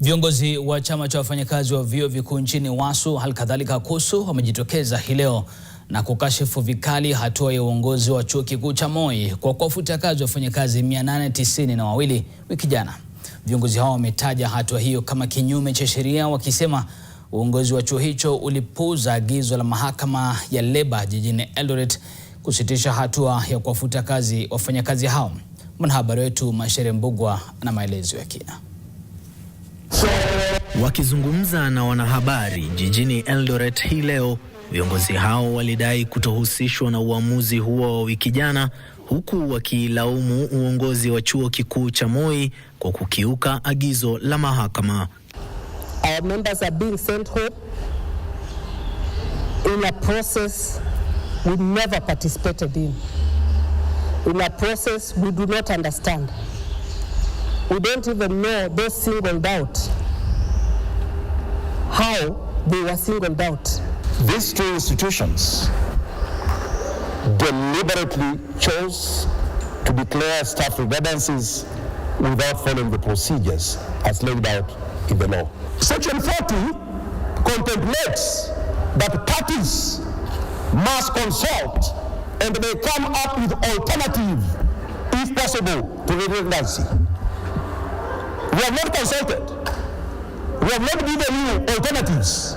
Viongozi wa chama cha wafanyakazi wa vyuo vikuu nchini WASU halikadhalika KUSU wamejitokeza hii leo na kukashifu vikali hatua ya uongozi wa chuo kikuu cha Moi kwa kuwafuta kazi wafanyakazi na wawili wiki jana. Viongozi hao wametaja hatua hiyo kama kinyume cha sheria, wakisema uongozi wa chuo hicho ulipuuza agizo la mahakama ya leba jijini Eldoret kusitisha hatua ya kuwafuta kazi wafanyakazi hao. Mwanahabari wetu Mashere Mbugwa na maelezo ya kina. Wakizungumza na wanahabari jijini Eldoret hii leo, viongozi hao walidai kutohusishwa na uamuzi huo wa wiki jana, huku wakilaumu uongozi wa chuo kikuu cha Moi kwa kukiuka agizo la mahakama. Our we don't even know those singled out how they were singled out. These two institutions deliberately chose to declare staff redundancies without following the procedures as laid out in the law. Section 40 contemplates that parties must consult and they come up with alternative, if possible, to redundancy. We have not consulted. We have not given you alternatives.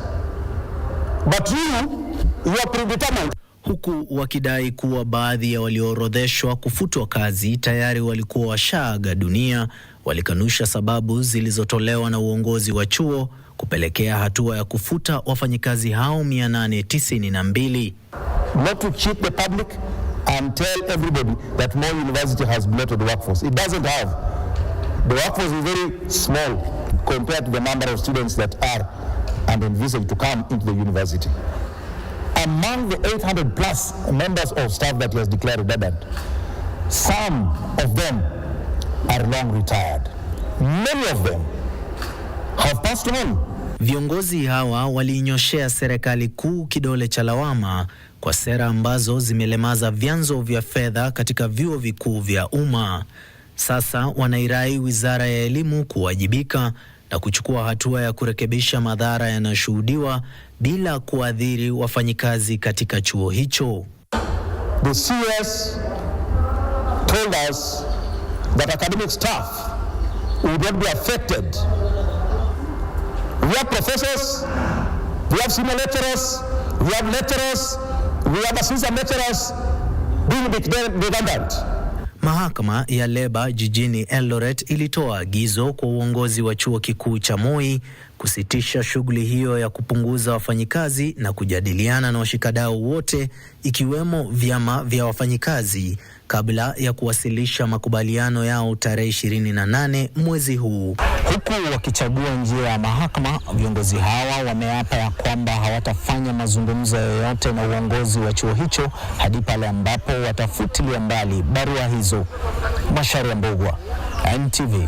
But you, you are predetermined. Huku wakidai kuwa baadhi ya walioorodheshwa kufutwa kazi tayari walikuwa washaaga dunia, walikanusha sababu zilizotolewa na uongozi wa chuo kupelekea hatua ya kufuta wafanyikazi hao 892. Not to cheat the public and tell everybody that Moi University has bloated workforce. It doesn't have The workforce is very small compared to the number of students that are and envisaged to come into the university. Among the 800 plus members of staff that he has declared redundant, some of them are long retired. Many of them have passed on. Viongozi hawa waliinyoshea serikali kuu kidole cha lawama kwa sera ambazo zimelemaza vyanzo vya fedha katika vyuo vikuu vya umma. Sasa wanairai wizara ya elimu kuwajibika na kuchukua hatua ya kurekebisha madhara yanayoshuhudiwa bila kuathiri wafanyikazi katika chuo hicho. The CS told us that academic staff would not be affected. We have professors, we have senior lecturers, we have lecturers, we have assistant lecturers being redundant. Mahakama ya Leba jijini Eldoret ilitoa agizo kwa uongozi wa chuo kikuu cha Moi kusitisha shughuli hiyo ya kupunguza wafanyikazi na kujadiliana na washikadau wote ikiwemo vyama vya wafanyikazi kabla ya kuwasilisha makubaliano yao tarehe 28 mwezi huu. Huku wakichagua njia ya mahakama, viongozi hawa wameapa ya kwamba hawatafanya mazungumzo yoyote na uongozi wa chuo hicho hadi pale ambapo watafutilia mbali barua hizo. masharia Mbogwa, NTV.